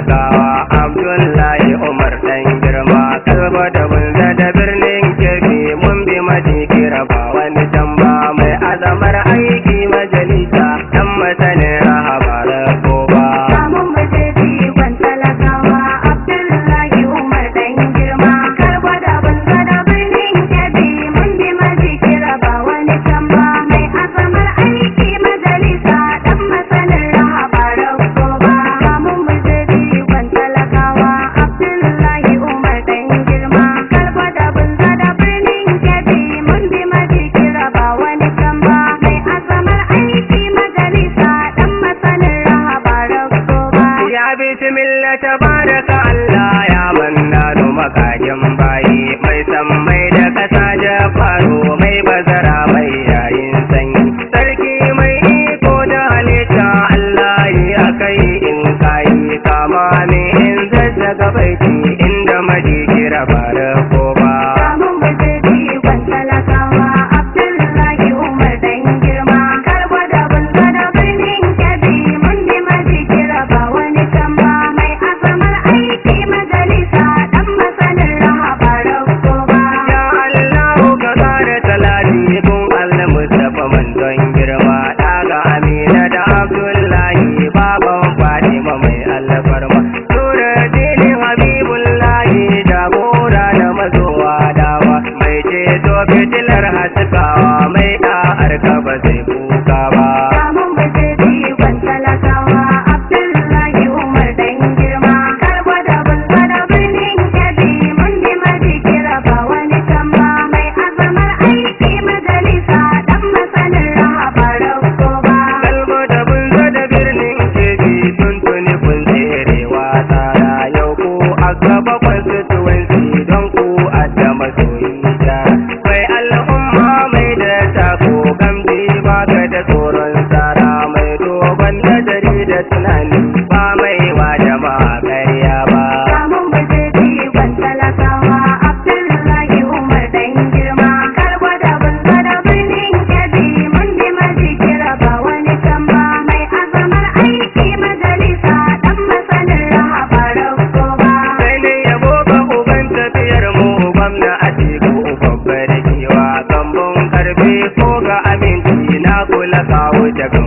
gonna. mazuwa dawa mai ce zo da tunanin ba mai wa jama'a ƙarya ba. Samun bajirji ban talakawa Abdullahi Umar dan girma. Karwa da banza da birnin kebi mun bi maji kira ba wani kan Mai azamar aiki majalisa dan masanin raha ba ba. Sai dai yabo ba uban tafiyar mu gwamna a cikin babbar kewa. Gambon karfe ko ga aminci na kula kawo jaga.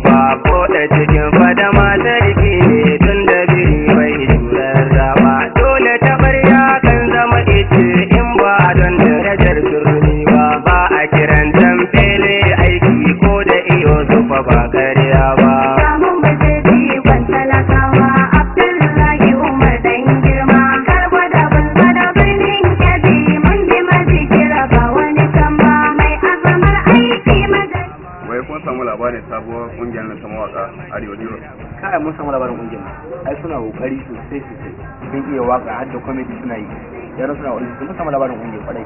ba ko da mun samu labarin kungiyar ai suna kokari sosai sosai sun iya waka har da comedy suna yi yaran suna kokari mun samu labarin kungiyar kwarai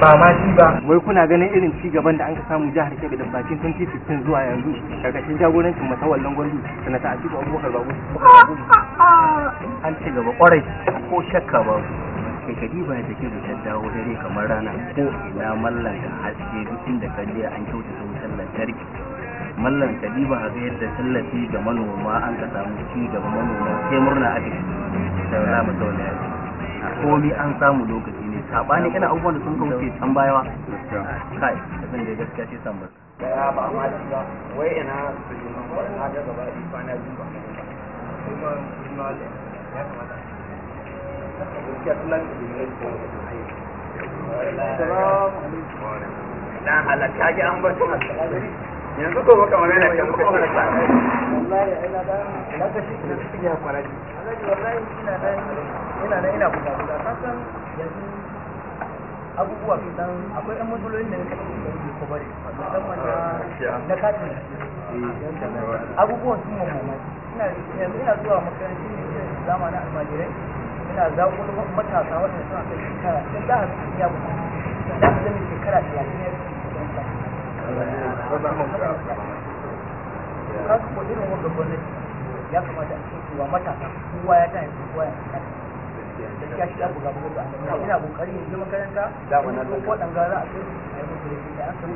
ba ma shi ba wai kuna ganin irin ci gaban da an ka samu jihar Kebbi da bakin 2015 zuwa yanzu karkashin jagorancin matawallan gwandu sanata Atiku Abubakar Babu an ci gaba kwarai ko shakka ba shekari ba da ke ta dawo dare kamar rana ko ina mallaka haske duk inda kaje an kyautata wutar lantarki mallan ka diba ga yadda tallafi ga manoma an ka samu ci ga manoma sai murna a cikin da za mu zauna a komi an samu lokaci ne sabani ina abubuwan da sun kauce can baya bayawa kai kasan da gaskiya ce san ba ya ba ma ba wai ina su yi na ga gaba da kwana biyu ba kuma kuma ya kamata gaskiya tunan da ne ko salamu alaikum dan halaka ji an bar yanzu ko maka magana kan kuma wani sa wallahi ina da na ga shi da shi ya fara ji wallahi ina da ina da ina buga buga kasan yanzu abubuwa dan akwai ɗan matsalolin da nake ko bari musamman na ah, katin eh, abubuwan sun mamma ina yanzu ina zuwa makarantar zamanin almajirai ina zaƙo matasa waɗanda suna kai shekara sun da su ya buga da su zama shekara kasu ko gwamnati ya kamata a ce matasa kowa ta yanzu ya ta shi buga buga a ina kokari in makaranta ko gara a a yi da yi da da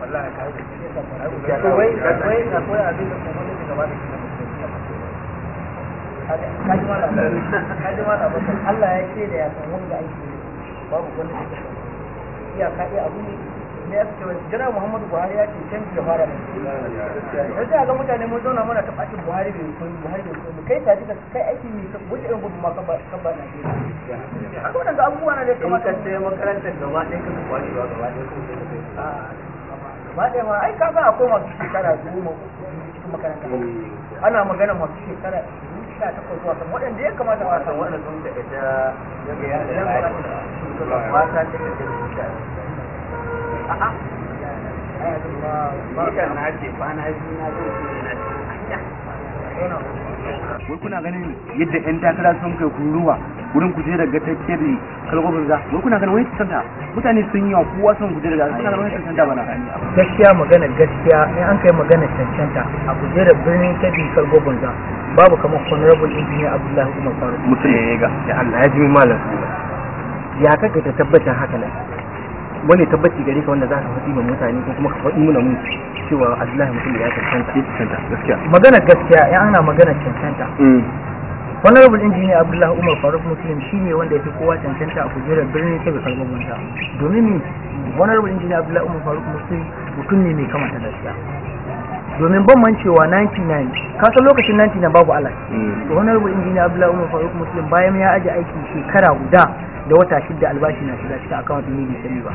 Allah ya ce da ya san wanda babu wani iya abu ne ne ya ce jira muhammadu buhari ya ce canji da fara da shi. ga mutane mun zauna muna ta bakin buhari bai koyi buhari bai koyi kai ka jika kai aiki ne wuce irin gudun ma ka ba ka ba najeriya haka wadanda abubuwa na da kamata sai makarantar gaba ɗaya ka ba, buhari ba gaba ɗaya gaba ɗaya ma ai ka ga akwai masu shekara goma cikin makaranta mm. ana magana masu shekara sha takwas zuwa sama waɗanda ya kamata a san waɗanda sun da ita mata ta da wai kuna ganin yadda yan takara sun kai kuruwa wurin kuje daga tafiyar kalgobin za wai kuna ganin wani santa mutane sun yi wa kowa sun kuje daga kuna ganin wani santa bana gaskiya magana gaskiya in an kai magana cancanta a kuje da birnin kebbi kalgobin za babu kamar honorable engineer abdullahi umar faruk mutum ya yi ga da allah ya ji malam ya kaka ta tabbatar haka nan wani tabbaci gare ka wanda za ka faɗi ma mutane ko kuma ka faɗi mana mu cewa Abdullahi mutum ya cancanta gaskiya magana gaskiya ya ana magana cancanta mm. honorable engineer Abdullahi Umar Faruk Muslim shine wanda ya fi kowa cancanta a kujerar birnin ga Kebbi ta domin me honorable engineer Abdullahi Umar Faruk Muslim mutum ne mai kamata gaskiya domin ban man cewa 99 kasan lokacin 99 babu Allah. to mm. honorable engineer Abdullahi Umar Faruk Muslim bayan ya aje aiki shekara guda da wata shida albashi na shiga cikin account ne bai sani ba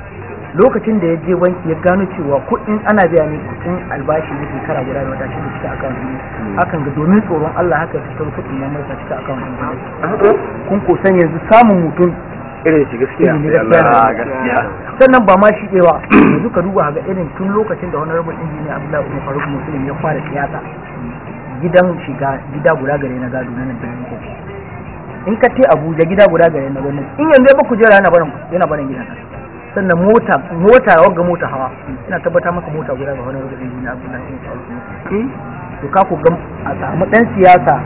lokacin da ya je banki ya gano cewa kuɗin ana biya ne kuɗin albashi ke kara guda da wata shida cikin account ne hakan ga domin tsoron Allah haka ta tsoro kuɗi na marasa cikin account ne kun ko san yanzu samun mutum irin shi gaskiya ah, sannan ba ma shi ɗewa yanzu ka duba ga irin tun lokacin da honorable engineer Abdullahi Umar Faruk Musulun ya fara siyasa gidan shiga gida guda gare na gado na nan da in ka te abuja gida guda gare na gwamnati in yanzu ya baku jera yana barin yana barin gida sannan mota mota ga mota hawa ina tabbata maka mota guda ga wani wajen gina abuja eh, to ka ku ga a samu dan siyasa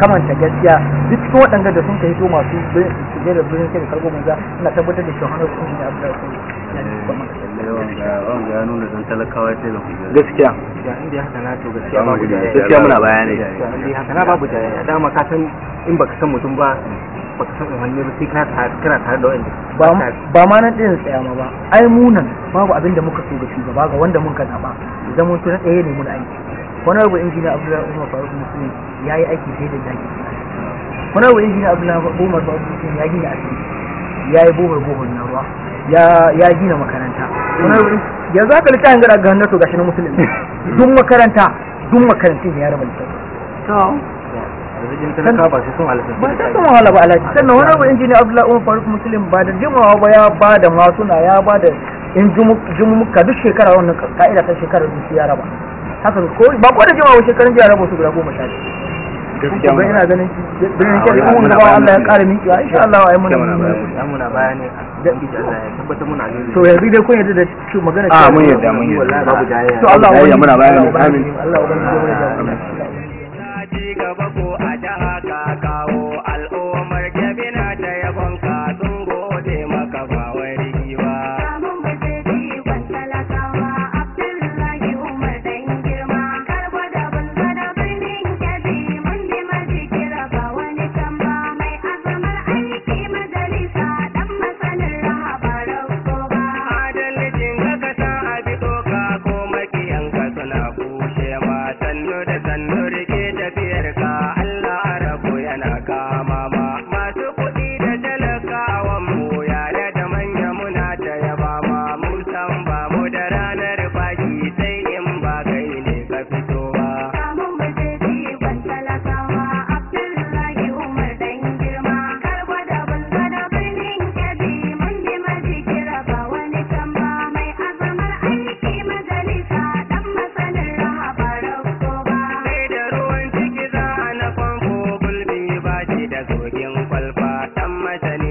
kamanta gaskiya duk cikin waɗanda da sun hito masu shige da birnin kai da karbo manza ina tabbatar da cewa hannun sun ne abu da su wanga ya nuna don talakawa ya taimaka gaskiya inda ya haka na to gaskiya ba babu jayayya gaskiya muna bayani inda ya haka na babu jayayya dama ka san in baka san mutum ba baka san umarni ba sai kana tare da wanda ba ma nan ɗin tsaya ma ba ai munan babu abin da muka so ga shugaba ga wanda muka zaɓa zama to na tsaye ne mun aiki wani abu injiniya abdullahi umar faruk musulun ya yi aiki sai da abu umar faruk musulun ya gina asibiti ya yi bohol bohol na ruwa ya gina makaranta ya abu gara ga hannato gashi na musulun dun makaranta dun makarantun ya raba ba ba alaji sannan wani injiniya abdullahi ba da jimawa ba ya ba da na ya ba da in jimuka duk shekara wannan ka'ida ta shekarar duk ya raba haka ko ba ko da jimawa shekarun jiya rabo su guda goma sha shida ga ina ganin birnin kuma wanda bawa Allah ya ƙara miki a insha Allah ai muna muna bayani da insha Allah ya tabbata muna ne to yanzu dai kun yarda da shi magana a ah, mun yarda mun yarda babu jayayya to Allah ya muna bayani amin Allah ya muna Gracias.